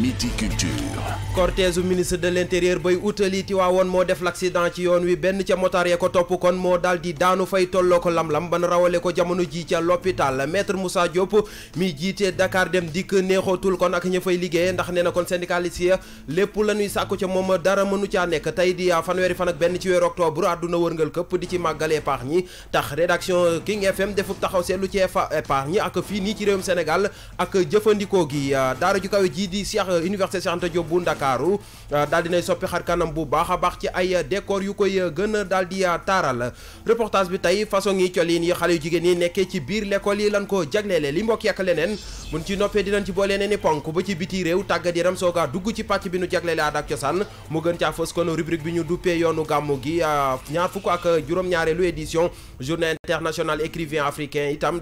Midi Culture. cortège ministre de l'intérieur bay waa Tiwaawoon moo def l'accident ci yoon wi benn ca motaar ya ko topp kon moo daal di daanu fay tolloo ko lam-lam ban rawale ko jamono ji ca l'hôpital maître Moussa Diop mi jiitee Dakar dem dikk neexootul kon ak ña fay liggéeye ndax nee na kon syndicaliste ya lépp la ñuy sàkku ca moom dara mënu caa nekk tey di fanweeri fan ak benn ci weeru octobre àdduna wërngal këpp di ci màggal épargne yi tax rédaction King FM defu taxaw seetlu ci épargne eh, ak fii nii ci réewum Sénégal ak jëfandikoo gi daara ju kawe di Cheikh Université Cheikh Anta Diop bu ndakaaru euh, daal dinay soppi xar kanam bu baax a baax ci ay décor yu koy gën a daal di taaral reportage bi tey façon yi colin yi xale yu jigéen yi nekkee ci biir l'école yi lan ko jagleele li mbokk yàkk leneen mun ci noppee dinañ ci boole nee ponk ba ci biti réew tàggat yaram soogaa dugg ci pàcc bi nu jagleele aada ak cosaan mu gën caa fës kon rubrique bi ñu duppee yoonu gàmmu gi euh, ñaar fukk ak juróom-ñaareelu édition journée internationale écrivain africain itam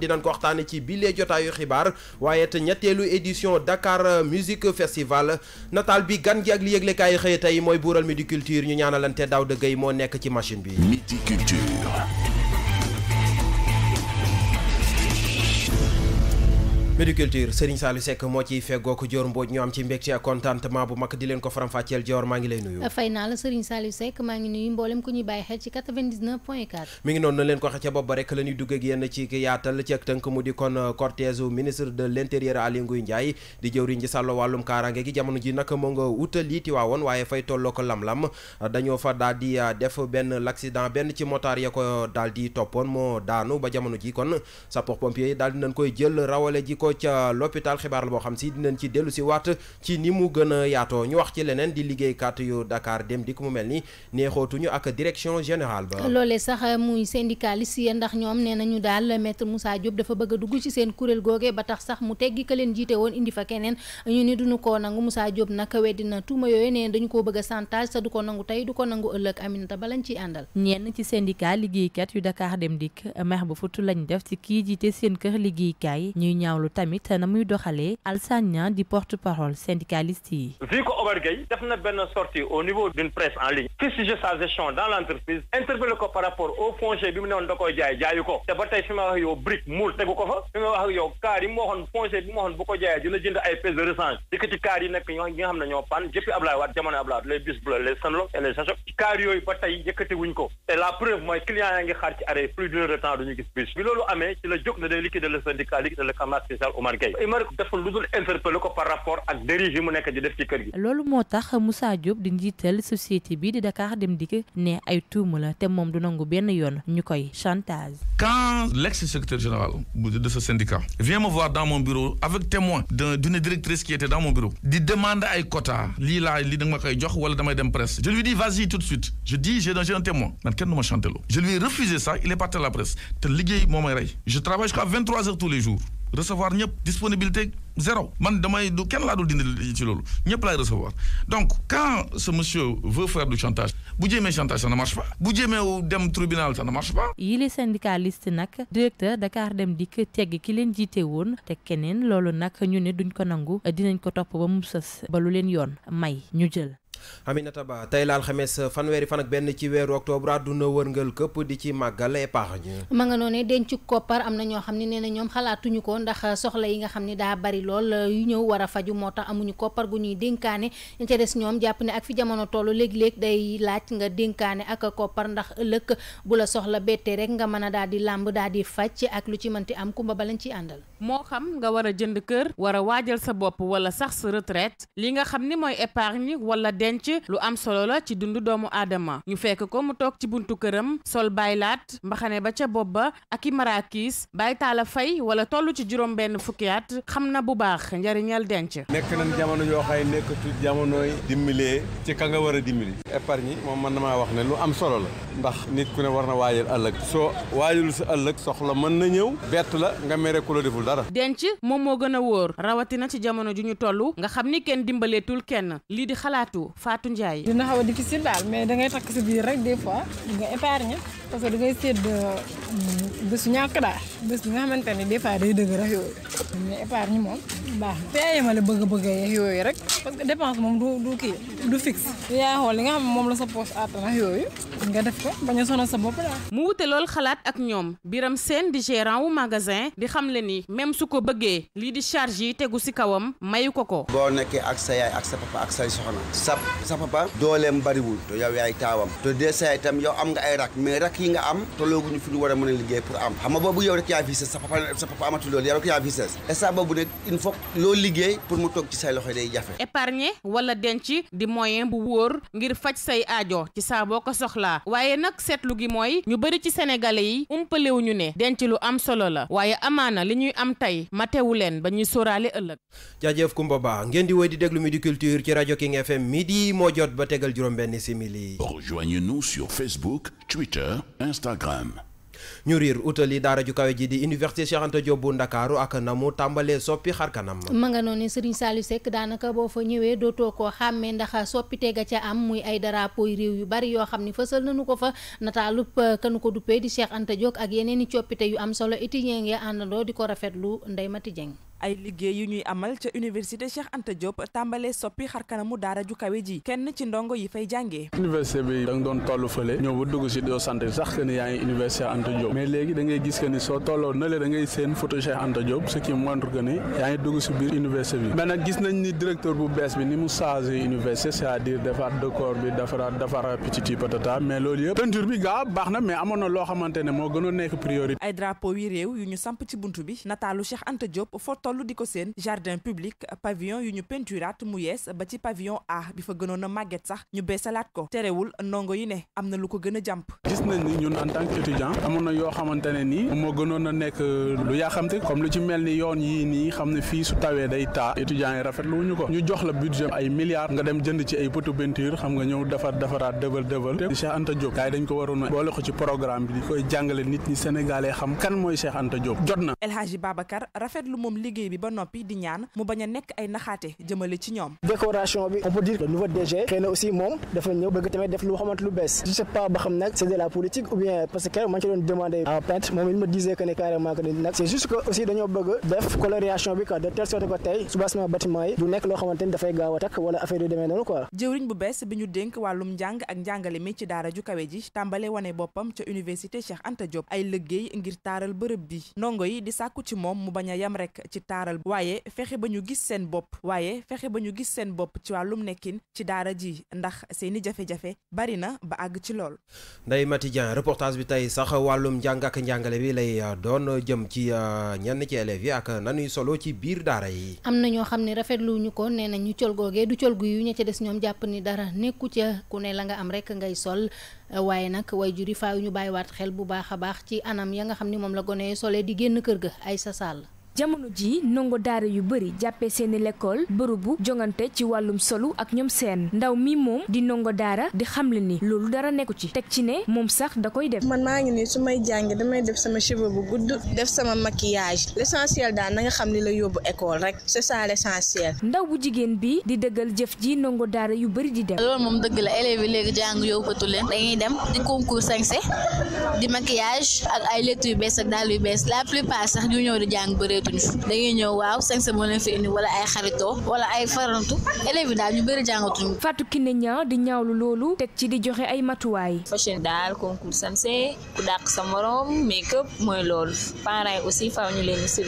gan gi ak li yëglekaay yi tey mooy buural Midi Culture ñu ñaanalante daaw dëgg yi moo nekk ci machine bi. Midi Culture. Mediculture Serigne Saliou Seck ngi la Serigne Saliou Seck maa ngi nuyu mboolem ku noonu na leen ko xecca bopp ba rek la dugg ak ci yaatal ci ak tënk mu di kon euh, cortège ministre de l'intérieur Aly Ngouille Ndiaye di jëwriñ ji sàllo wàllum kaaraange gi jamono ji nag moo nga wutal lii Tiwaawoon waaye fay tolloo ko lam-lam dañoo fa daal euh, def benn l'accident benn ci motaar ya ko daal toppoon moo daanu ba jamono ji kon sapeur pompier daal di koy jël rawale ji ko ko ca l'hôpital xibaar la boo xam si dinañ ci dellu si waat ci ni mu gën a yaatoo ñu wax ci leneen di liggéeykat yu Dakar dem dikk mu mel ni ba loolee sax muy syndicaliste yi ndax ñoom nee nañu daal maître Moussa Diop dafa bëgg a dugg ci seen kuréel googee ba na tuuma yooyu nee dañu koo bëgg a sa du ko nangu tey du ko ba lañ ciy àndal ñenn ci syndicat liggéeykat yu Dakar dem dikk mer bu futu lañ def ci kii jiite seen kër liggéeykaay ñuy ñaawlu tamit na muy doxalee Alassane di porte parole syndicaliste yi. vu que Omar Gueye def na benn sortie au niveau d'une presse en ligne fustiger sa gestion dans l'entreprise interpellé ko par rapport au foncier bi mu ne woon da koy jaay jaayu ko te ba tey fi ma wax yow brique muul tegu ko fa fi ma wax yow kaar yi mu waxoon foncier bi mu waxoon bu ko jaayee dina jënd ay pièces de rechange di ko ci kaar yi nekk ñi nga xam ne ñoo pan jëppi Ablaye Wade jamono Ablaye les bus bleus les Senelec et les Sachok kaar yooyu ba tey yëkkati wuñ ko et la preuve mooy client yaa ngi xaar ci arrêt plus d'une heure de temps duñu gis bis bi loolu amee ci la jóg na day liquider le syndicat liquider le camarade hôpital Omar Gueye Omar dafa lu dul interpellé ko par rapport ak dérive yi mu nekk di def ci kër gi loolu moo tax Moussa Diop di njiital société bi di Dakar Dem Dikk ne ay tuuma la te moom du nangu benn yoon ñu koy chantage quand l'ex-secrétaire général de ce syndicat vient me voir dans mon bureau avec témoin d'une directrice qui était dans mon bureau di demander ay quota lii laa lii da nga ma koy jox wala damay dem presse je lui dis vas-y tout de suite je dis j'ai un témoin man kenn du ma chanteloo je lui ai refusé ça il est parti à la presse te liggéey moo may rey je travaille jusqu'à 23 heures tous les jours recevoir ñëpp disponibilité zéro man damay du kenn laa dul dindi ci loolu ñëpp laay recevoir donc quand ce monsieur veut faire du chantage bu jéemee chantage ça ne marche pas bu jéemee dem tribunal ça ne marche pas. yii les syndicalistes nag directeur Dakar dem di tegg ki leen jiite woon te keneen loolu nag ñu ne duñ ko nangu dinañ ko topp ba mu sës ba lu leen yoon may ñu jël. Aminata Ba tey la alxames fanweeri fan ak benn ci weeru octobre àdduna wërngal këpp di ci màggal épargne. am na ñoo xam ne nee na ñoom xalaatuñu ko ndax soxla yi nga xam ne daa bari lool euh, yu ñëw war a faju moo tax amuñu koppar gu ñuy dénkaane ñu ca des ñoom jàpp ne ak fi jamono toll léeg-léeg day laaj nga dénkaane ak koppar ndax ëllëg bu la soxla bettee rek nga mën a daal di làmb daal di faj ak lu ci mënti am kumba ba lañ ciy àndal. moo xam nga war a jënd kër. war a waajal sa bopp wala sax sa retraite li nga xam ni mooy épargne denc lu am solo la ci dundu doomu aadama ñu fekk ko mu toog ci buntu këram sol baylaat mbaxane ba ca bobba ak i marakis bàyyi taala fay wala tollu ci juróom benn fukki at xam na bu baax njariñal denc nekk nañ jamono yoo xay nekkatu jamonooy dimbalee ci ka nga war a dimbali épargne moom mën na wax ne lu am solo la ndax nit ku ne war na waajal ëllëg soo waajul sa ëllëg soxla mën na ñëw bett la nga mere ku la deful dara denc moom moo gën a wóor rawatina ci jamono ju ñu tollu nga xam ni kenn dimbaleetul kenn lii di xalaatu Fatou Ndiaye. dina xaw a difficile daal mais da ngay takk si biir rek des fois di nga épargne parce que da ngay sédd euh, du su ñàkk daal bi nga xamante ne des day dëgg rek yooyu mais épargne moom baax na fee yemale bëgg bëgg yeeg rek parce que dépense moom du du kii du fixe yaa xool li nga xam moom la sa poche àttana nga def ko sa mu xalaat ak biram sen di gérant wu magasin di xam le ni même su ko bëggee lii di charge yi kawam mayu ko ko ak sa yaay ak sa papa ak say soxna sa sa papa dooleem bariwul te yow yaay taawam te tam yow am nga ay rak mais rak yi nga am tolooguñu fi ñu war a liggéey pour am xam boobu yow rek yaa visé sa papa sa papa amatul loolu yow rek yaa visé instant boobu nag il loolu liggéey pour mu toog ci say loxo day jafe. épargne wala denc di moyen bu wóor ngir faj say aajo ci saaboo ko soxlaa waaye nag seetlu gi mooy ñu bëri ci sénégalais yi umpalewuñu ne denc lu am solo la waaye amaana li ñuy am tey matewu leen ba ñuy sóoraale ëllëg. jaajëf Kumba Ba ngeen di woy di déglu Midi Culture ci rajo King FM midi moo jot ba tegal juróom-benn simili. Rejoignez-nous sur Facebook, Twitter, Instagram. ñu riir utali daara ju kawe ji di université Cheikh bu Ndakaaru ak na mu tàmbalee soppi xar kanam ma nga noonu Serigne Saliou Seck daanaka boo fa ñëwee dootoo koo xàmmee ndax soppite ga ca am muy ay drapeau réew yu bari yoo xam ni fësal nañu ko fa nataalub euh, kanu ko duppee di Cheikh Anta Diop ak yeneen i coppite yu am solo étudiants ya àndandoo di ko rafet lu ndey Mati Dieng ay liggéey yu ñuy amal ca université Cheikh Anta Diop tàmbalee soppi xar kanamu daara ju kawe ji kenn ci ndongo yi fay jàngee université bi da doon toll fële ñëw ba dugg si da ngay gis que ni soo tolloo na le da ngay seen photo Cheikh Anta Diop ce qui montre que ni yaa ngi dugg si biir université bi mais gis nañ ni directeur bu bees bi ni mu changé université c'est-à-dire defaat bi defaraat defaraat petit patata mais loolu yëpp peinture bi gaa baax na mais amoon na loo xamante ne moo gënoon nekk priorité ay drapeau yi réew yu bi nataalu toll di ko seen jardin public pavillon yu ñu penturaat mu yees ba ci pavillon A bi fa gënoon a màgget sax ñu beesalaat ko terewul ndongo yi ne am na lu ko gën a jàmp gis nañ ni ñun en tant que étudiant amoon na yoo xamante ne nii moo gënoon a nekk lu yaaxamte comme lu ci mel ni yoon yii nii xam ne fii su tawee day taa étudiants yi rafetlu wuñu ko ñu jox la budget ay milliards nga dem jënd ci ay potu peinture xam nga ñëw defar defaraat dëbal dëbal te Cheikh Anta Diop gars yi dañ ko waroon a boole ko ci programme bi di koy jàngale nit ñi sénégalais xam kan mooy Cheikh Anta Diop liggéey bi ba noppi di ñaan mu bañ a ci ñoom décoration bi on peut dire le nouveau DG xëy na aussi moom dafa ñëw bëgg tamit def lu xamante lu ci moom il me disait que ne carrément que nag c'est juste que aussi bi quoi yi du nekk loo xamante ni dafay a takk wala ci daara ju kawe ay liggéey ngir taaral bërëb bi ndongo yi di sàkku ci moom mu bañ a yam rek taral waaye fexe ba sen gis seen bopp waaye sen ba Cualum gis seen bopp ci wàllum nekkin ci daara ji ndax seeni jafe-jafe bari na ba àgg ci lool nday Mati Dieng reportage bi tey sax wàllum njàng ak njàngale bi lay euh, doon jëm ci euh, ñenn ci élèves yi ak nanuy solo ci biir daara yi am na ñoo rafetlu ñu ko ñu du gu yu ni dara ku ne la nga am rek ngay sol waaye nak way juri faaw ñu bàyyiwaat xel bu baax baax ci anam ya nga xam ni la gone solee di génn kër ga ay sa jamono ji nongo daara yu bëri jàppee seeni lekkool bërëbu jongante ci wàllum solu ak ñoom seen ndaw mi moom di nongo daara di xamle ni loolu dara nekku ci teg ci ne moom sax da koy def man maa ngi ni sumay may damay def sama cheveux bu gudd def sama maquillage l'essentiel daal na nga xam ni la yóbbu école rek c'est ça l'essentiel ndaw bu jigéen bi di dëggal jëf ji nongo daara yu bëri di def loolu moom dëgg la élève yi léegi jàng yóbbatu leen dañuy dem di concours sañse di maquillage ak ay lettres yu bees ak dal yu bees la plupart sax ñu ñëw di jàng bëreetu jàngatuñu dañuy ñëw waaw sañse moo leen fi indi wala ay xaritoo wala ay farantu élèves daal ñu bëri jàngatuñu Fatou Kiné Niang di ñaawlu loolu teg ci di joxe ay matuwaay fashion daal concours sañse ku dàq sa morom mais up mooy lool parents yi aussi faaw ñu leen di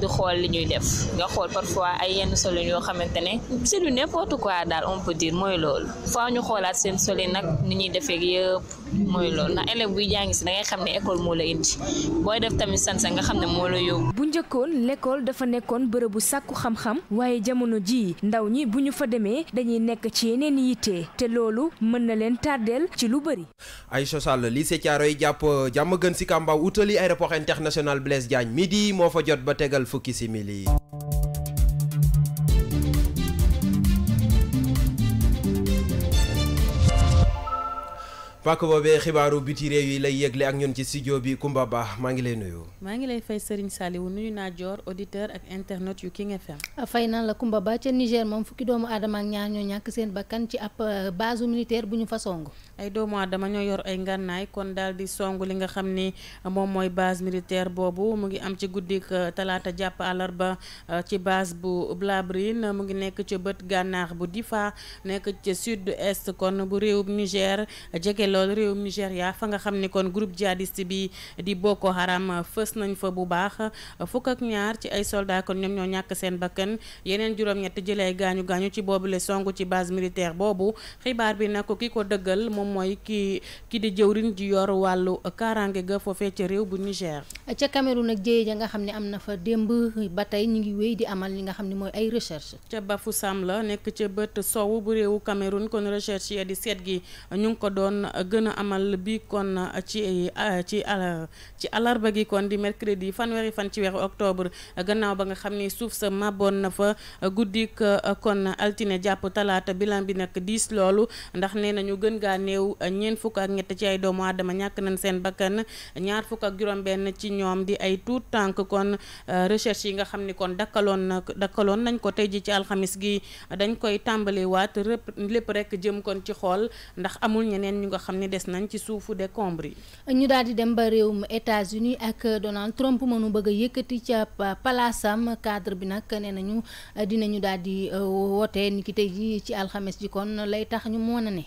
di xool li ñuy def nga xool parfois ay yenn solin yoo xamante ne si du n'importe quoi daal on peut dire mooy loolu faaw ñu xoolaat seen solin nag ni ñuy defee yëpp mooy loolu ndax élève buy jàngi si da xam ne école moo la indi booy def tamit sansa nga xam ne moo la yóbbu. bu njëkkoon l'école dafa nekkoon bërëbu sàkku xam-xam waaye jamono jii ndaw ñi bu ñu fa demee dañuy nekk ci yeneen yitte te loolu mën na leen tàddeel ci lu bëri. Aïcha Sall lycée Thiaroye jàpp jàmm gën si Kambaaw utali aéroport international Blaise Diagne di moo fa jot ba tegal fukki simili. pàcc boobee xibaaru biti réew yi lay yëgle ak ñun ci studio bi Kumba Ba maa ngi lay nuyu. maa ngi lay fay Serigne Saliou nuyu naa Dior auditeur ak internet yu King FM. fay na la Kumba Ba ca Niger moom fukki doomu aadama ak ñaar ñoo ñàkk seen bakkan ci ab euh, base militaire bu ñu fa song ay doomu aadama ñoo yor ay ngànnaay kon daal di song li nga xam ni moom mooy base militaire boobu mu ngi am ci guddik euh, talaata jàpp ba euh, ci base bu Blabrine mu ngi nekk ca bët gànnaax bu Difa nekk ca sud est kon bu réewum Niger jege lool réewum Nigeria fa nga xam ni kon groupe djihadiste bi di Boko Haram fës nañ fa bu baax fukk ak ñaar ci ay soldats kon ñoom ñoo ñàkk seen bakkan yeneen juróom-ñett jëlee ay gaañu gaañu ci boobu le song ci base militaire moom mooy ki ki di jëwriñ ji yor wàllu kaaraange ga foofee ca réew bu Niger. ca Cameroun nag jéey ja nga xam ne am na fa démb ba tey ñu ngi wéy di amal li nga xam ne mooy ay recherche ca sàm la nekk ca bët sow bu réewu Cameroun kon recherche ya di seet gi ñu ngi ko doon gën a amal bi kon ci ci ci alarba gi kon di mercredi fanweeri fan ci weeru octobre gannaaw ba nga xam ni suuf sa màbboon na fa guddi kon altine jàpp talaata bilan bi nag diis loolu ndax néew ñeent fukk ak ñett ci ay doomu aadama ñàkk nañ seen bakkan ñaar fukk ak juróom-benn ci ñoom di ay tuut tànk kon euh, recherche yi nga xam ni kon dakkaloon na dakkaloon nañ ko tey ji ci alxames gi dañ koy tàmbaliwaat lépp rek jëm kon ci xool ndax amul ñeneen ñu nga xam ne des nañ ci suufu décombres yi. ñu daal di dem ba réewum États-Unis ak Donald Trump mënu bëgg a yëkkati ca palaasam cadre bi nag nee nañu dinañu daal di euh, woote niki tey ji ci alxamis ji kon lay tax ñu mën a ne.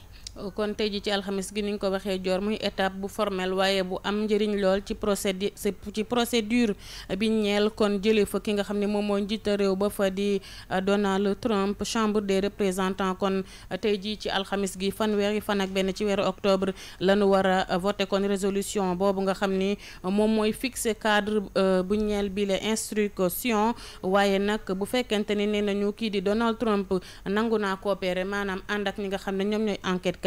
kon tey ji ci alxamis gi ni ñu ko waxee joor muy étape bu formel waaye bu am njëriñ lool ci procédé ci procédure bi ñeel kon jëlee fa ki nga xam ne moom moo njiita réew ba fa di euh, Donald Trump chambre des représentant kon euh, tey jii ci alxamis gi fanweeri fan ak benn ci weeru octobre lañu war a voté kon résolution boobu nga xam ni moom mooy fixe cadre euh, bu ñeel bi ko sion waaye nag bu fekkente ni nee nañu kii di Donald Trump nangu naa coopéré maanaam ànd ak ñi nga xam ne ñoom ñooy enquête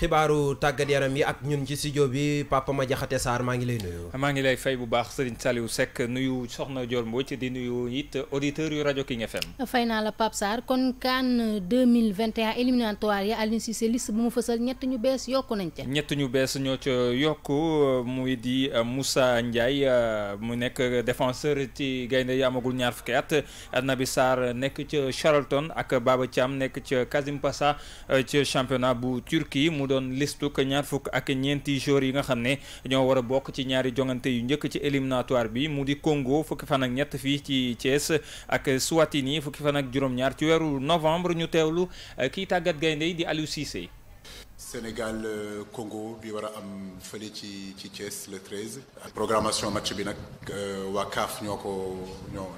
xibaaru tàggat yaram yi ak ñun ci studio bi Papa Ma Jaxate Sarr maa ngi lay maa ngi lay fay bu baax Serigne Saliou Seck nuyu soxna Dior Mbodj di nuyu it yu rajo King FM. fay naa la Pape Sarr kon CAN 2021 éliminatoire ya Aliou Cissé liste bu mu fësal ñett ñu bees yokku nañ ca. ñett ñu bees ñoo ca yokku muy di musa Ndiaye mu nekk défenseur ci gaynde yi amagul ñaar fukki at Naby Sarr nekk ca Charlton ak Baba Thiam nekk ca Kazim Pasa ca championnat bu Turquie doon listu ko ñaar fukk ak ñeenti joueurs yi nga xam ne ñoo war a bokk ci ñaari jongante yu njëkk ci éliminatoire bi mu di Congo fukki fan ak ñett fii ci Thiès ak Swatini fukki fan ak juróom-ñaar ci weeru novembre ñu teewlu eh, kii tàggat gaynde yi di Aliou Cissé. Sénégal euh, Congo bi war am fële ci ci Thiès le 13. programmation match bi nag euh, waa ñoko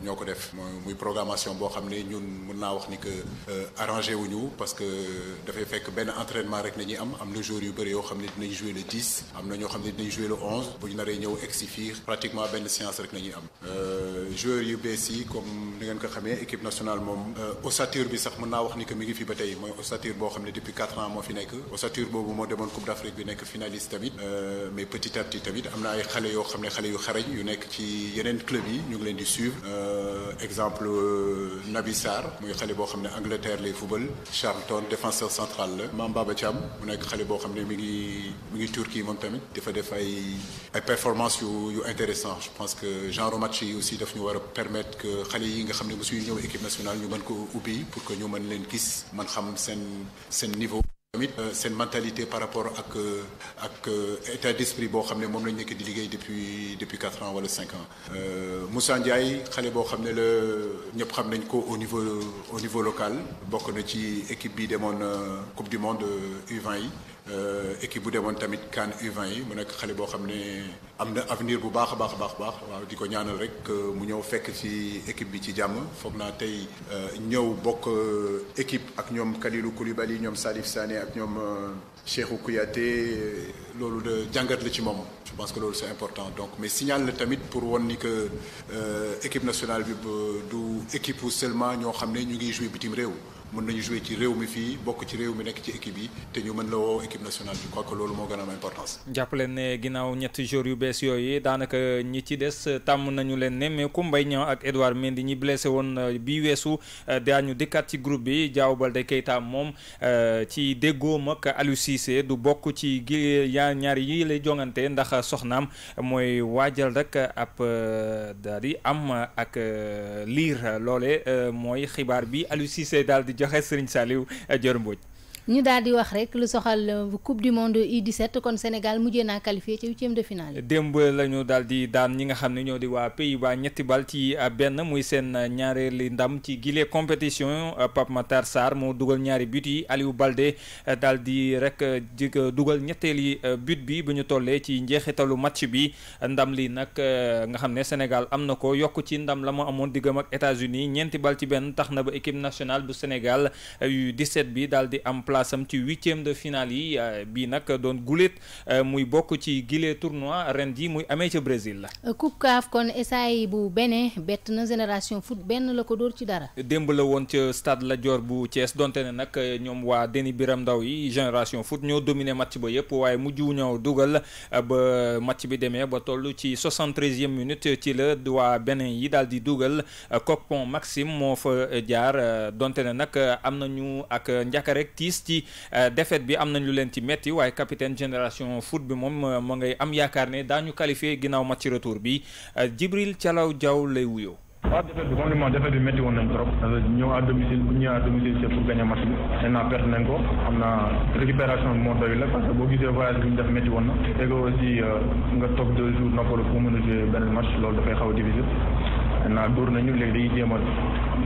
ñoko def. muy programmation bo xamné ñun mën naa wax ni que euh, arrangé wuñu parce que da fay fekk ben entraînement rek nañuy am am le jour yu bëri yo xamné ne dinañ jouer le 10 am na ñoo xam dinañ jouer le 11 bu ñu naree ñew egg pratiquement benn séance rek nañuy am. euh joueur yu bees comme ni ngeen ko xamé équipe nationale mom ossature bi sax mën naa wax ni que mi ngi fi batay moy ossature bo xamné depuis 4 ans mo fi nekk. Tour boobu moo demoon Coupe d'Afrique bi nek finaliste tamit euh, mais petit à petit tamit amna ay xalé yo xamné xalé yu xarañ yu nek ci yenen club yi ñu ngi leen di suivre euh, exemple euh, Naby Sarr muy xalé bo xamné Angleterre le football Charlton défenseur central le Mame Baba mu nek xalé bo xamné mi ngi mi ngi Turquie moom tamit difa def ay ay performance yu yu intéressant je pense que genre match yi aussi daf ñu war permettre que xalé yi nga xamné bu mosuñu ñëw équipe nationale ñu mën ko ubi pour que ñu mën leen gis man xam sen sen niveau c'est une euh, mentalité par rapport à l'état euh, euh, état d'esprit que xam ne moom di depuis depuis quatre ans wala cinq ans Moussa Ndiaye xale boo xam ne la ñëpp xam au niveau au niveau local bokk na ci équipe bi demoon Coupe du Monde U20 euh, équipe de demoon tamit CAN U20 yi mu nekk xale bo xamné amna avenir bu baax a baax a baax baax waaw diko ñaanal rek euh, mu ñew fekk ci équipe bi ci jamm foog na tay euh, ñew bok équipe ak ñom kalilu Koulibaly ñom Salif Sané ak ñom Cheikhou Kouyaté lolu de jangat la ci mom je pense que lolu c'est important donc mais signal le tamit pour woon ni que équipe nationale bi du équipe seulement ñoo xamné ñu ngi jouer bitim rew mën nañu jouer ci réew mi fii bokk ci réew mi nekk ci équipe bi te ñu mën la woo équipe nationale je crois que loolu moo gën am importance. jàpp leen ne ginnaaw ñetti jours yu bees yooyu daanaka ñi ci des tàmm nañu leen ne mais ku Mbaye Niang ak Edouard Mendy ñi blessé woon euh, bii weesu euh, daañu dikkaat ci groupe bi Diao Baldé Keita moom euh, ci déggoom ak Aliou Cissé du bokk ci gi ñaar yi lay jongante ndax soxnaam mooy waajal rek ab daal di am ak lire loole mooy xibaar bi Aliou Cissé daal di. joxe Serigne Saliou Dior Mbodj ñu daal di wax rek lu soxal euh, coupe du monde U17 kon Sénégal mujjee naa qualifié ci huitième de finale. démb lañu ñu daal di daan ñi nga xam ne ñoo di waa pays ba ñetti bal ci euh, benn muy seen euh, ñaareeli ndam ci gile compétition Pape Matar sar moo dugal ñaari but yi Aliou Balde daal di rek di dugal ñetteeli but bi bu ñu tollee ci njeexitalu match bi ndam li nag nga xam ne Sénégal am na ko yokk ci ndam la mu amoon diggam ak États-Unis ñeenti bal ci benn tax na ba équipe nationale bu Sénégal U17 bi daal di am place am ci 8e de finale yi euh, bii nag doon euh, muy bok ci gile tournoi ren muy amé ci Brésil la. Coupe CAF kon essai bu Bénin bett na génération foot benn la ko dóor ci dara. demb la won ci stade la Dior bu Thiès donté nak euh, ñom wa deni Biram Ndaw yi génération foot ñoo dominer match ba yépp waye muju ñoo dugal ba match bi démé ba tollu ci 73e minute ci la waa Bénin yi daldi di dugal Copon Maxime mo fa jaar donté nak amna ñu ak njàkka rek gis ci euh, défaite bi am nañ ñu leen ci metti waaye capitaine génération foot bi moom euh, ma ngay am yaakaar ne daañu qualifié ginnaaw match retour bi euh, Djibril Calaw jaw lay wuyoo. waaw défaite bi comme li ma wax défaite bi métti woon nañ trop ñëw à domicile bu ñu ñëwee à domicile c'est pour gagner match bi maintenant perte nañ ko xam naa récupération moo doy la parce que boo gisee voyage bi ñu def métti woon na te que aussi nga toog deux jours noppalu pour mën a jouer benn match loolu dafay xaw a difficile maintenant dóor nañu léegi dañuy jéem a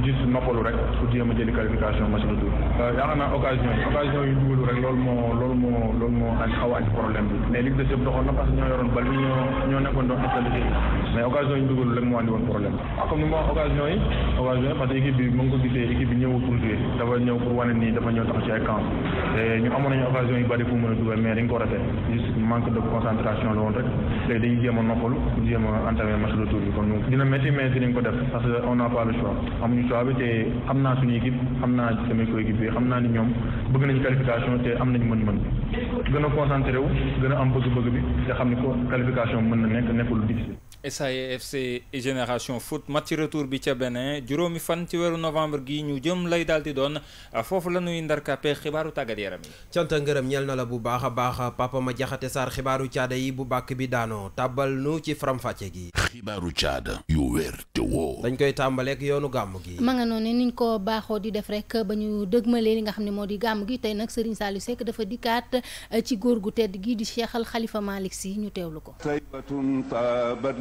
juste noppalu rek pour jéem a jëli qualification match retour euh, yaakaar naa occasion yi occasion yu dugalu dugalu rek moo problème bi ah, comme ni occasion yi occasion yi parce que équipe bi mu ko gisee équipe bi ñëwul pour dafa ñëw pour wane nii dafa ñëw tax ci ay te ñu amoon nañu occasion yu bëri fu mën a dugal mais dañ ko manque de concentration la rek léegi dañuy jéem noppalu pour jéem a entamer match retour dinañ ko def parce que on n'a pas le choix amuñu choix bi te xam naa suñu équipe xam naa sama coéquipe bi xam naa ni ñoom bëgg nañ qualification te am nañ mën-mën bi gën a concentré wu gën a am bëgg-bëgg bi te xam ni ko qualification mën na nekk nekkul difficile SAEFC Génération Foot match retour bi ca Benin juróomi fan ci weeru novembre gi ñu jëm lay daal di doon foofu la ñuy ndarkape xibaaru tàggat yaram yi. cant ngërëm ñeel na la bu baax a baax papa ma jaxate saar xibaaru caada yi bu bàkk bi daanoo tàbbal nu ci faram-fàcce gi. xibaaru caada yu wér. te woo dañ koy tàmbaleek yoonu gàmm gi ma nga noonu niñ ko baaxoo di def rek ba ñu li nga xam ne moo di gi tey nag Serigne dafa eh, ci gu tedd gi di Khalifa ñu ko taybatun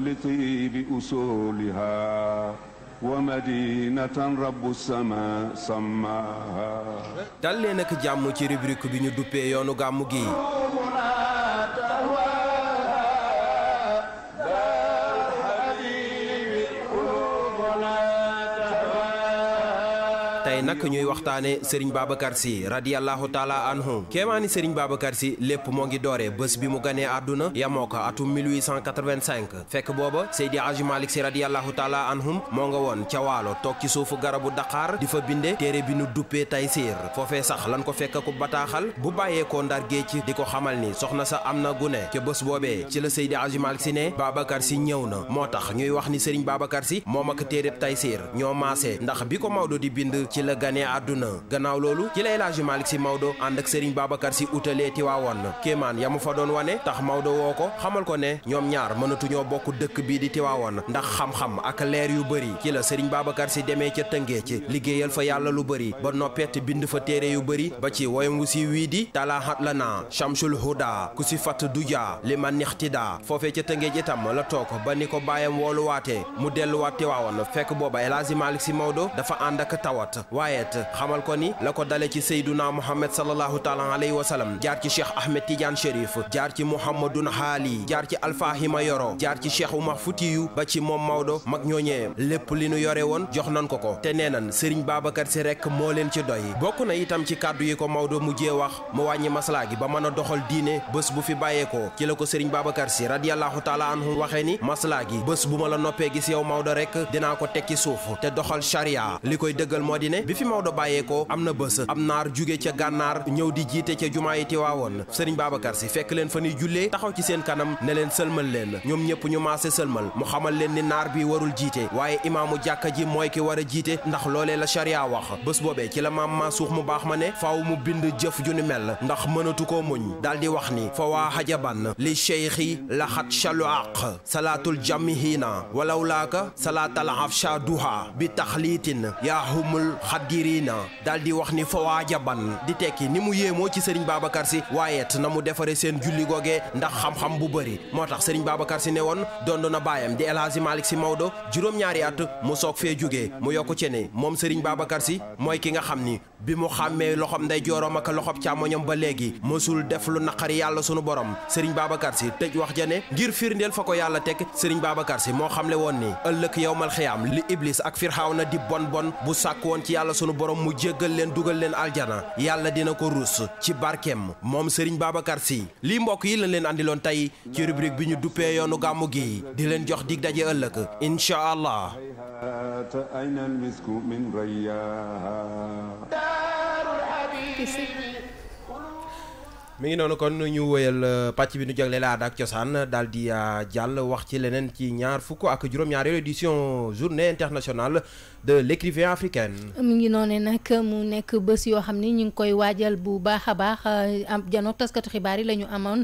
li tibi usuliha wa madinatan sama ci rubrique bi ñu yoonu gi waye nak ñuy waxtane serigne Babacar si radiyallahu taala anhu kemaani serigne Babacar si lepp mo ngi doore bés bi mu gané aduna yamoko ko atum 1885 fekk booba Seydi Aji Malik si radiyallahu taala anhum mo nga won ci walo tok ci suufu garabu Dakar di bindé téré téere bi nu tay sir fofé sax lan ko fekk ku bataxal bu ko ndar di ko xamal ni soxna sa amna guné gune ca bobé ci le Seydi Aji Malik si né Babacar si ñewna motax ñuy wax ni serigne Babacar si mom ak tay sir ñoo masé ndax biko di bind ci la gane aduna gannaaw lolu ci lay El malik si maudo and ak Serigne Babacar Sy utalee Tiwaawoon kéemaan keman yamu fa doon wané tax maudo woko xamal ko né ñom ñaar mënatuñoo bokku dëkk bi di Tiwaawoon ndax xam-xam ak lèr yu bëri ci la Serigne Babacar si démé ci tëngee ci liggéeyal fa yalla lu bëri ba noppeet bind fa téré yu bëri ba ci woyam wu si wii di talaaxat la Shamsul Huda ku si fat duja li ma nixtida ci ca ji tam la tok ba niko bayam wolu waté mu fekk boba elazi malik si maudo dafa ànd ak tawat waaye xamal ko ni la dale ci seyduna muhammad sallallahu taala alayhi wa sallam jaar ci cheikh ahmed tidiane chérif jaar ci mouhamadun haali jaar ci alfaahima yoro jaar ci cheikh umar futiyu ba ci moom maodo mag ñooñee lépp li nu yore woon jox nan ko ko te nee nan babacar si rek moo leen ci doy bokk na itam ci kàddu yi ko maodo mujjee wax mu wàññi maslaa gi ba mën a doxal diine bés bu fi bàyyeekoo ci la ko sëriñ babacar si radiallahu taala anhu waxee ni maslaa gi bés bu ma la noppee gis yow maodo rek dinaa ko tekki suuf te doxal charia li koy dëggal bi fi Maodo bàyyeekoo am na bës am naar jóge ca gànnaar ñëw di jiite ca jumaa yi Tiwaawoon Serigne Babacar Sy fekk leen fa ñuy jullee taxaw ci seen kanam ne leen sëlmal leen ñoom ñëpp ñu maase sëlmal mu xamal leen ni naar bi warul jiite waaye imaamu jàkka ji mooy ki war a ndax loolee la charia wax bés boobee ci la maam Mansuux mu baax ma ne faaw mu bind jëf ju ni mel ndax mënatu koo muñ daal wax ni fa waa xajaban li cheikhi laxat chaluaq salaatul jamihiina walawlaaka salaatal afsha duha bi taxliitin yaa humul xadgirina daal di wax ni fawaaja ban di tekki ni mu yéemoo ci sëriñ Babacar si waaye na mu defaree seen julli googee ndax xam-xam bu bëri moo tax sëriñ Babacar si ne woon doon na baayam di El Hadji Malick si Maodo juróom-ñaari at mu soog fee jógee mu yokku ci ne moom sëriñ Babacar si mooy ki nga xam ni bi mu xàmmee loxob ndeyjooram ak loxob càmmoñam ba léegi mësul def lu naqari yàlla sunu borom sëriñ Babacar Sy tëj wax ja ne ngir firndeel fa ko yàlla teg sëriñ Babacar Sy moo xamle woon ni ëllëg yowmal xiyaam li iblis ak na di bon bon bu sàkk woon ci yàlla sunu borom mu jéggal leen dugal leen aljana yàlla dina ko ruus ci barkeem moom sëriñ Babacar Sy lii mbokk yi lañ leen andiloon tey ci rubrique bi ñu duppee yoonu gàmmu gi di leen jox dig daje incha allah. mu ngi noonu kon ñu woyal euh, pàcc bi nu jagleel aada ak cosaan daal di euh, jàll wax ci leneen ci ñaar fukk ak juróom-ñaareelu édition journée internationale de l'écrivain africain. mi ngi noonu nag mu nekk bés yoo xam ni ñu ngi koy waajal bu baax a baax euh, am janoog taskatu xibaar yi lañu amoon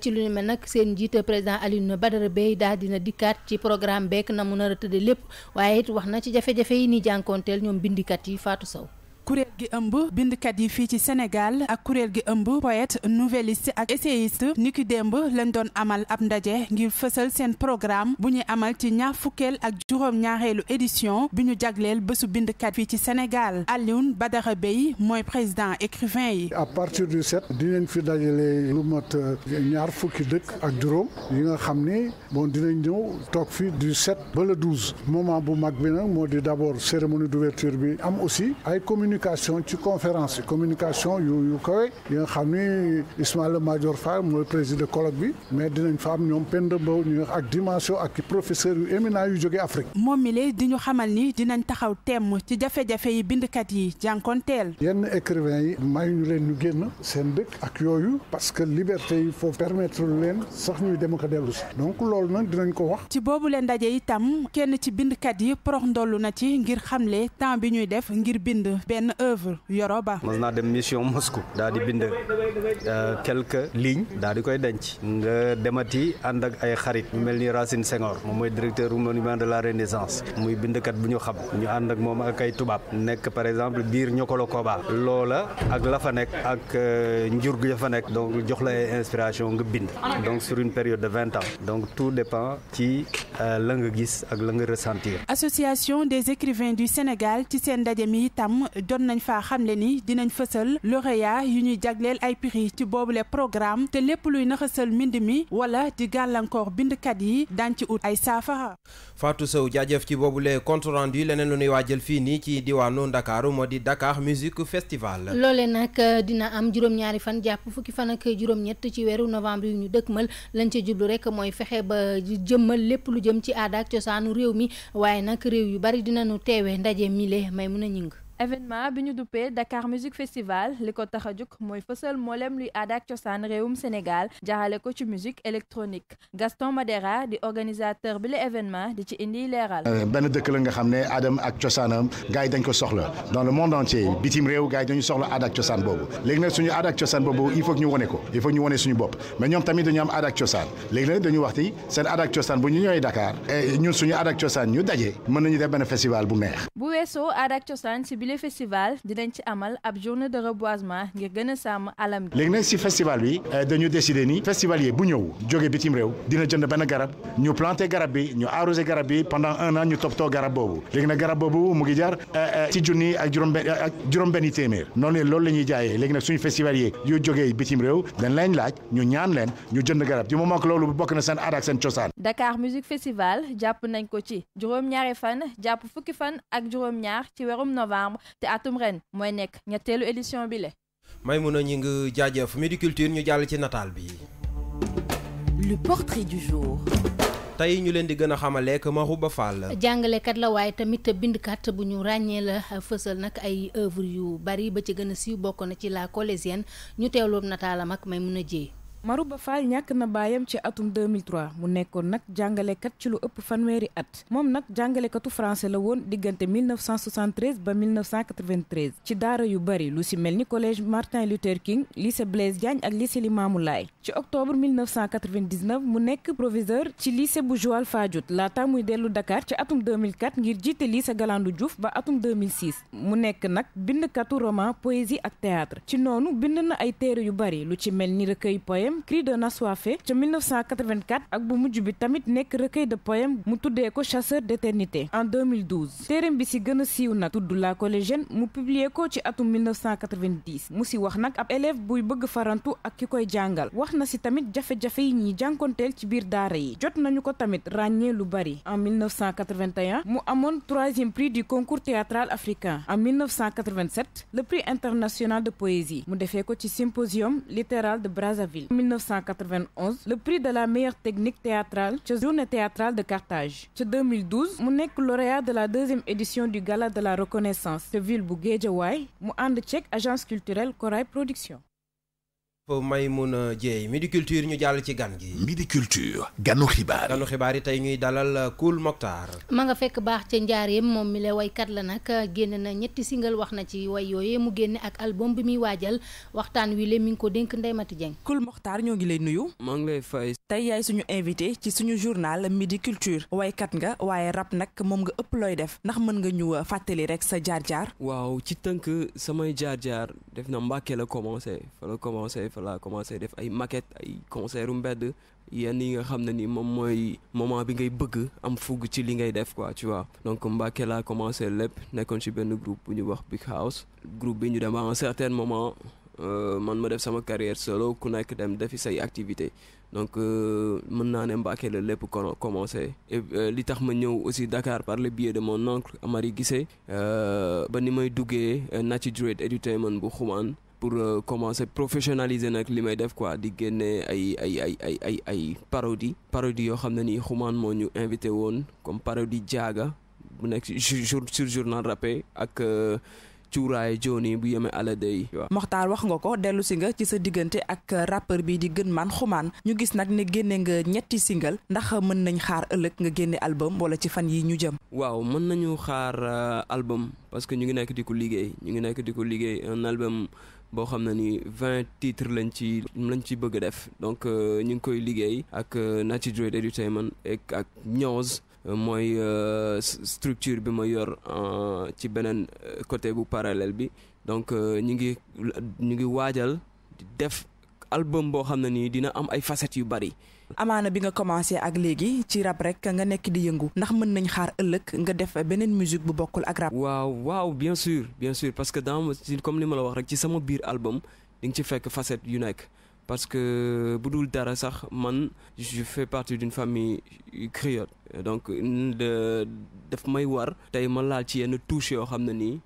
ci lu ñu mel nag seen njiit président Alioune Badara Bèye daal dina dikkaat ci programme bekk na mun a tëddee lépp waaye it wax na ci jafe-jafe yi ni jànkoonteel ñoom bindikat yi Fatou Sow. kurel gi ëmb bindkat yi fii ci Sénégal ak kurel gi ëmb poète nouvelliste ak essayiste niki ki démb lañ doon amal ab ndaje ngir fësal seen programme bu ñuy amal ci ñaar fukkeel ak juróom-ñaareelu édition bi ñu jagleel bésu bindkat fii ci Sénégal Alioune Badara Bey mooy président écrivain à partir du 7 dinañ fi dajale lu mat euh, ñaar fukki dëkk ak juróom yi nga xam bon dinañ ñëw toog du 7 ba le 12 moment bu mag bi nag moo cérémonie d'ouverture, ouverture bi am aussi ay commune communication ci conférence communication yu yu kawe yi nga xam ni Ismaïla Madior Fall mooy président colloque bi mais dinañ fa am ñoom Penda ba ñu ak dimension ak professeur yu éminent yu jóge Afrique. moom mi lay di ñu xamal ni dinañ taxaw temm ci jafe-jafe yi bindkat yi jànkonteel. yenn écrivain yi ñu leen ñu génn seen dëkk ak yooyu parce que liberté yi faut permettre leen sax ñuy dem ko dellu si donc loolu nag dinañ ko wax. ci boobu leen ndaje itam kenn ci bindkat yi porox ndollu na ci ngir xamle temps bi ñuy def ngir bind benn œuvre euh, quelques lignes de la sur une période de ans donc tout dépend euh, Association des écrivains du Sénégal ci seen jot nañ faa xamle ni dinañ fësal lauréat yu ñuy jagleel ay prix ci boobule programme te lépp luy naxasal mbind mi wala di gàllankoor bindkat yi daan ci ut ay saafara. Fatou Sow jaajëf ci boobule compte yi leneen lu nuy waajal fii nii ci diwaanu Ndakaaru moo di Dakar Musique Festival. loole nag euh, dina am juróom-ñaari fan jàpp fukki fan ak juróom-ñett ci weeru novembre yu ñu dëkkmal lañ ca jublu rek mooy fexe ba jëmmal lépp lu jëm ci aada ak cosaanu réew mi waaye nag réew yu bari dinañu teewe ndaje mile may mën a ñing événement biñu ñu Dakar Music Festival liko taxajuk moy a molem luy aada ak réewum Sénégal jaarale ko ci musique électronique Gaston Madera di organisateur bi l'événement di ci indi leeral. ben dëkk la nga xamné Adam ak cosaanam gars dañ ko soxla dans le monde entier bitim réew gaay dañu soxla aada ak cosaan boobu léegi suñu aada ak cosaan il faut ñu woné ko il faut ñu woné suñu bop mais ñom tamit dañu am aada ak cosaan léegi dañu waxti seen aada ak cosaan bu ñu ñëwee Dakar et ñun suñu aada ak ñu dajé mën nañu def ben festival bu neex. bu weesoo aada ak cosaan le festival dinañ ci amal ab journée de reboisement ngir gën a sàmm alam bi léegi nag si festival bi euh, dañu décider ni festivalier bu ñëw jóge bitim réew dina jënd benn garab ñu planter garab bi ñu arroser garab bi pendant un an ñu toppatoo garab boobu léegi nag garab boobu mu ngi jar euh, euh, ci junni ak juróom ak juróom-benni téeméer loolu la ñuy jaayee suñu festivalier yu jógee bitim réew dañ leen laaj ñu ñaan leen ñu jënd garab du moment que loolu bokk na seen aada ak seen cosaan. Dakar Music Festival jàpp nañ ko ci juróom-ñaari fan jàpp fukki fan ak juróom-ñaar ci novembre te atum ren mooy nekk ñetteelu édition bi le Maïmouna Gningue jaajëf Midi Culture ñu jàll ci nataal bi le portrait du jour tey ñu leen di gën a xamale ak Marouba jàngalekat la waaye tamit bindkat bu ñu ràññee la fësal nag ay œuvre yu bari ba ci gën a siiw bokk na ci la collégienne ñu teewloon nataalam ak a Dieye Maruba Fall ñak na bayam ci atum 2003 mu nak jangale kat ci lu ëpp fanweeri at Mom nak jangale katu français la won diggante 1973 ba 1993 ci daara yu bari lu ci melni collège Martin Luther King lycée Blaise Diagne ak lycée Limamou Lay ci octobre 1999 mu nekk proviseur ci lycée Boujoual Fadiout La ta muy delu Dakar ci atum 2004 ngir jité lycée Galandou Diouf ba atum 2006 mu nekk bind katu roman poésie ak théâtre ci nonu bind na ay téré yu bari lu ci melni recueil poème poème Cri d'un assoiffé En 1984 ak bu mujj tamit recueil de poème mu tuddé ko Chasseur d'éternité en 2012 téereem bi si gëna a siiw collégienne mu publier ko ci atum 1990 mu si wax nak ab élève bu bëgg farantu ak ki koy jàngal wax na si tamit jafé jafé yi ñuy ci biir daara yi jot nañu ko tamit Ragné lu bari en 1981 mu 3 troisième prix du concours théâtral africain en 1987 le prix international de poésie mu défé ko ci symposium littéral de Brazzaville 1991 le prix de la meilleure technique théâtrale chez journée théâtrale de Carthage En 2012 Mounek, nekk lauréat de la deuxième édition du gala de la reconnaissance ca ville bu Guédiawaye mu agence culturelle Corail Production Maimouna Dieye midi culture ñu jàll ci gan gi. midi culture ganu xibaar. ganu xibaar yi ñuy dalal Koul moktar. ma nga fekk baax ca njaareem moom mi la waykat la nag génn na ñetti single wax na ci way yooyu mu génne ak album bi muy waajal waxtaan wi le mi ngi ko dénk Ndeye Mati Dieng. Koul Mokhtar ñoo ngi lay nuyu. maa ngi lay fay. tey yaay suñu invité ci suñu journal midi culture waykat nga waaye rap nak moom nga ëpp looy def ndax mën nga ñu euh, fàttali rek sa jaar jaar. waaw ci tënk samay jaar jaar def na Mbàkke la commencé fa la commencé. fa laa commencé def ay maquette ay concertu mbedd yenn yi nga xam ne ni moom mooy moment bi ngay bëgg am fugg ci li ngay def quoi tu vois donc Mbàkke laa commencé lépp nekkoon ci benn groupe bu ñu wax Big House groupe bi ñu dem à un certain moment euh, man ma def sama carrière solo ku nekk dem defi say activité donc euh, mën naa ne Mbàkke la lépp kon commencé euh, li tax ma ñëw aussi Dakar par le biais de mon oncle Amari Guissé ba ni may duggee Natty Dread Entertainment bu xumaan pour euh, commencer professionnaliser nak li may def quoi di génne ay ay ay ay ay ay parodie parodie yo xamné ni nii mo ñu invité woon comme parodie jaaga bu nekk sur sur journal rappé ak euh, cuuraay johnny bu yeme aladay moxtaar wax nga ko delu si nga ci sa diggante ak euh, rappeur bi di gën man xumaan ñu gis nak ne génne nga ñetti single ndax mën nañ xaar ëlëk nga génne album wala ci fan yi ñu jëm waaw mën nañu xaar album parce que ñu ngi nekk diko ko liggéey ñu ngi nekk diko ko liggéey un album boo xam ne ni vingt titres lañ ci lañ ci bëgg a def donc euh, ñu ngi koy liggéey ak euh, Naty Droid Entertainment ek ak Ñoos euh, mooy structure bi ma yor ci beneen côté bu parallèle bi donc ñu ngi ñu ngi waajal def album boo xam ne nii dina am ay facettes yu bari amana bi nga commencé ak léegi ci rap rek nga nek di yeungu ndax meun nañ xaar ëllëg nga def benen musique bu bokul ak rap. waaw waaw bien sûr bien sûr parce que dans comme ni ma la wax rek ci sama biir album ding ci fekk facette yu nekk parce que bu dul dara sax man je fais partie d'une famille créole donc de def may war. tay ma laal ci yenn touche yo xamna ni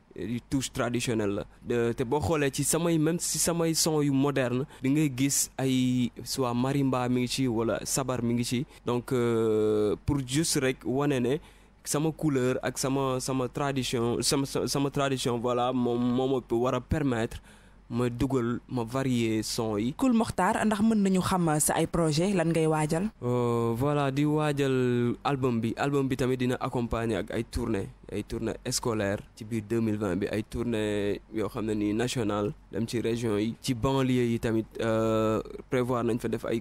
touche traditionnelle la te boo xoolee ci samay même si samay son yu moderne di ngay gis ay soit marimba mi ngi ci wala sabar mi ngi ci donc euh, pour juste rek wane ne sama couleur ak sama sama tradition sama sama tradition voilà mom moo wara permettre ma dugal ma varier son yi. Cool Mokhtar ndax mën nañu xam sa ay projet lan ngay waajal. Euh, voilà di waajal album bi album bi tamit dina accompagner ak ay tournée ay tournée scolaire ci biir 2020 bi ay tournée yoo xam ne nii national dem ci région yi. ci banlieue yi tamit euh, prévoir nañ fa def ay.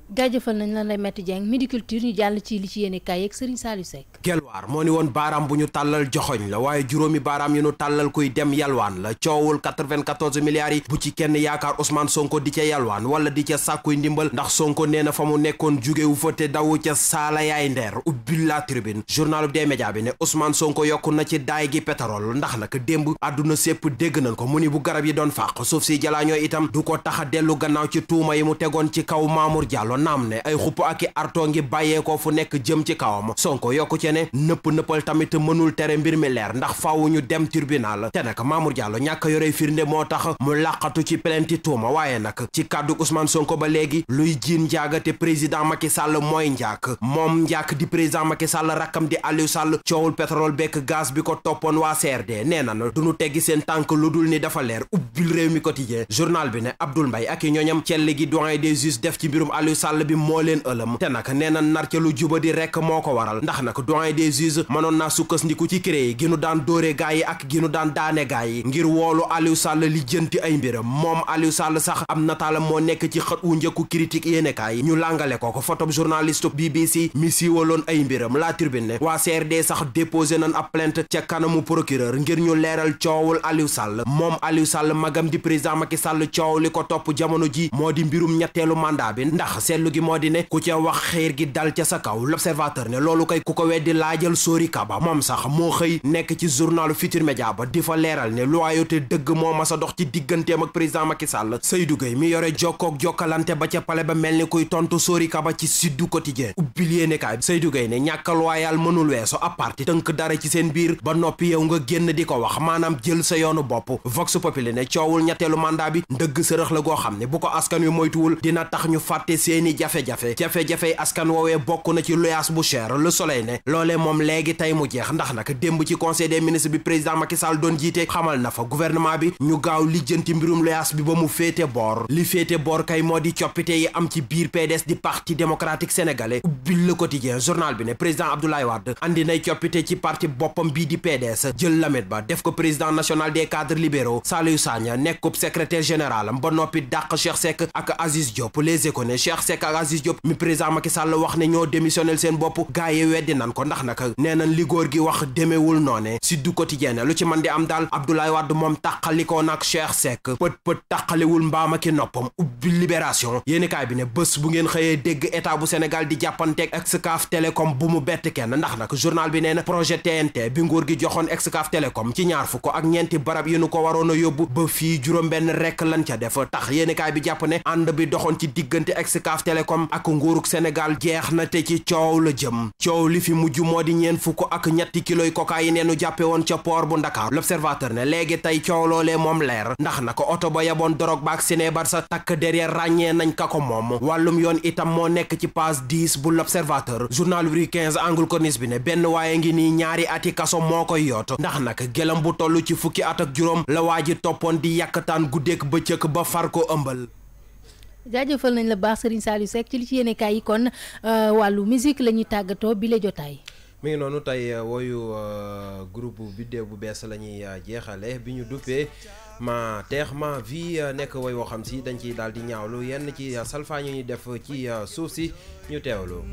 jaajëfal nañ la Ndeye Maty Dieng Midi Culture ñu jàll ci li ci yéene kaay ak Serigne Saliou Seck gelwaar moo ni woon baaraam bu ñu tàllal joxoñ la waaye juróomi baaraam yu ñu tàllal kuy dem yalwaan la coowul 94 milliards yi bu ci kenn yaakaar Ousmane Sonko di ca yalwaan wala di ca sàkkuy ndimbal ndax Sonko nee na fa mu nekkoon jugewu fa te daw ca saala yaay ndeer ubbil la tribune journal bi des bi ne usmaan Sonko yokk na ci daay gi pétrole ndax nag démb àdduna sépp dégg nañ ko mu ni bu garab yi doon fàq suuf si jalaañoo itam du ko tax a dellu gannaaw ci tuuma yi mu tegoon ci kaw Mamour Diallo naam ne ay xupp ak i arto ngi bàyyeekoo fu nekk jëm ci kawam Sonko yokku ci ne nëpp-nëppal tamit mënul tere mbir mi leer ndax faawu ñu dem tribunal te nag Mamour Diallo ñàkk yore firnde moo tax mu làqatu ci plainte tuuma waaye nag ci kàddu Ousmane Sonko ba léegi luy jiin njaaga te président Macky Sall mooy njaak moom njaak di président Macky Sall rakkam di Aliou Sall coowul pétrole bekk gaz bi ko toppoon waa CRD nee na du nu teggi seen tànk lu dul ni dafa leer ubbil réew bi ne Abdoul Mbaye ak Sall bi moo leen ëlëm te nag nee na nar ca lu juba di rekk moo ko waral ndax nag doyen des juges mënoon naa sukkandiku ci CREI gi nu daan dóore gaa yi ak gi nu daan daane gaa yi ngir woolu Aliou Sall li jënti ay mbiram moom Aliou Sall sax am nataalam moo nekk ci xët wu njëkku critique yéenekaay ñu làngale ko ko photob journaliste BBC mi siiwaloon ay mbiram La Tribune waa CRD sax déposé nañ ab plainte ca kanamu procureur ngir ñu leeral coowul Aliou Sall moom Aliou Sall magam di président Macky Sall coow li ko moo ñetteelu gi modi ne ku ca wax xeer gi dal ca sa kaw l'observateur ne lolou kay ku ko weddi laajal sori kaba mom sax mo xey nek ci journal futur media ba difa leral ne loyauté deug mo ma sa dox ci digganteem ak président Macky Sall Seydou Gueye mi yore ak jokalanté ba ca palais ba melni kuy tontu sori kaba ci sidou quotidien ubbilie ne kay, Seydou Gueye ne ñak loyal mënul wéso à parti tënk dara ci seen bir ba nopi yow nga genn di wax manam jël sa yoonu bop vox populi ne ciowul ñetteelu mandat bi ndëgg sërëx la go bu ko askan yu moytuul dina tax ñu faté seen seeni jafe-jafe jafe-jafey askan woowee bokk na ci loyaas bu cher le soleil ne loolee moom léegi tey mu jeex ndax nag démb ci conseil des ministres bi président Macky Sall doon jiite xamal na fa gouvernement bi ñu gaaw lijjanti mbirum loyaas bi ba mu féete boor li féete boor kay moo di coppite yi am ci biir PDS di parti démocratique sénégalais ubbil le quotidien journal bi ne président Abdoulaye Wade andi nay coppite ci parti boppam bii di PDS jël Lamet Ba def ko président national des cadres libéraux Saliou Sagna nekkub secrétaire général am ba noppi Seck ak Aziz Diop mi président Macky Sall wax ne ñoo démissionnel seen bopp gars yi weddi nan ko ndax naka nee nañ li góor gi wax demeewul noone si du quotidien lu ci man di am daal Abdoulaye Wade moom tàqalikoo nag Cheikh Seck pët pët tàqalewul mbaam ak noppam ubbi libération yéenekaay bi ne bës bu ngeen xëyee dégg état bu senegal di jàppanteeg Excaf Télécom bu mu bett kenn ndax nag journal bi nee na projet TNT bi nguur gi joxoon Excaf Télécom ci ñaar fukk ak ñeenti barab yi nu ko waroon a yóbbu ba fii juróom-benn rekk lan ca def tax yéenekaay bi jàpp ne diggante Sonatel ak nguurug Sénégal jeex na te ci coow la jëm coow li fi mujj moo di ñeen fukk ak ñetti kiloy kokaay yi neenu jàppe woon ca port bu Ndakaar L'Observateur ne léegi tey coow loolee moom leer ndax na ko oto ba yaboon dorog baak Sénébar sa takk derrière ràññee nañ ka ko moom wàllum yoon itam moo nekk ci page 10 bu L'Observateur journal rue 15 angle corniche bi ne benn waaye ngi nii ñaari ati kaso moo koy yoot ndax nag gelam bu toll ci fukki at ak juróom la waa ji toppoon di yàkkataan guddeeg bëccëg ba far ko ëmbal jaajëfal nañ la baax Serigne Saliou Seck ci li ci yéene kaay yi kon euh, wàllu musique la ñuy tàggatoo bi la jotaay. mu ngi noonu tey euh, woyu euh, groupe Biddew bu bees la ñuy jeexale bi ñu duppee ma teex ma vie nekk woy woo xam si dañ ciy daal di ñaawlu yenn ci salfaañ ñu def ci suuf si ñu teewlu.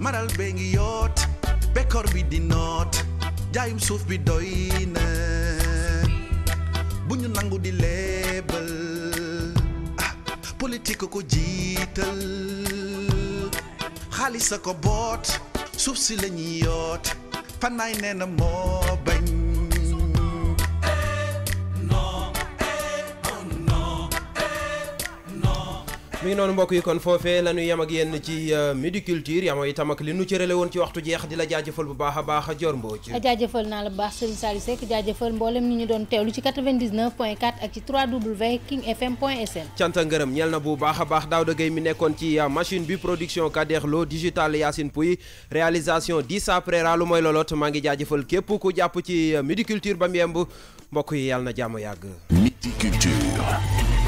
maral bee ngi yoot bekkoor bi di noot jaayum suuf bi doy na bu ñu nangu di leebal politique ko jiital xaalis a ko boot suuf si la ñuy yoot fanaay nee na moo bañ mu ngi noonu mbokk yi kon foofee la ñu yem ak yéen ci euh, midi culture yamoo itam ak li nu cërale woon ci waxtu jeex di la jaajëfal bu baax a baax Dior Mbodj jaajëfal naa la baax Serigne Saliou Seck jaajëfal mboolem ñi ñu doon teewlu ci 99 point 4 ak ci 3W King FM point canta ngërëm ñeel na bu baax a baax Daouda Gueye mi nekkoon ci euh, machine bi production Kader Lo digital Yacine Pouy réalisation Dissa Préra lu mooy lolot maa ngi jaajëfal képp ku jàpp ci euh, midi culture ba mu yemb mbokk yi yàlla na jàmm yàgg midi culture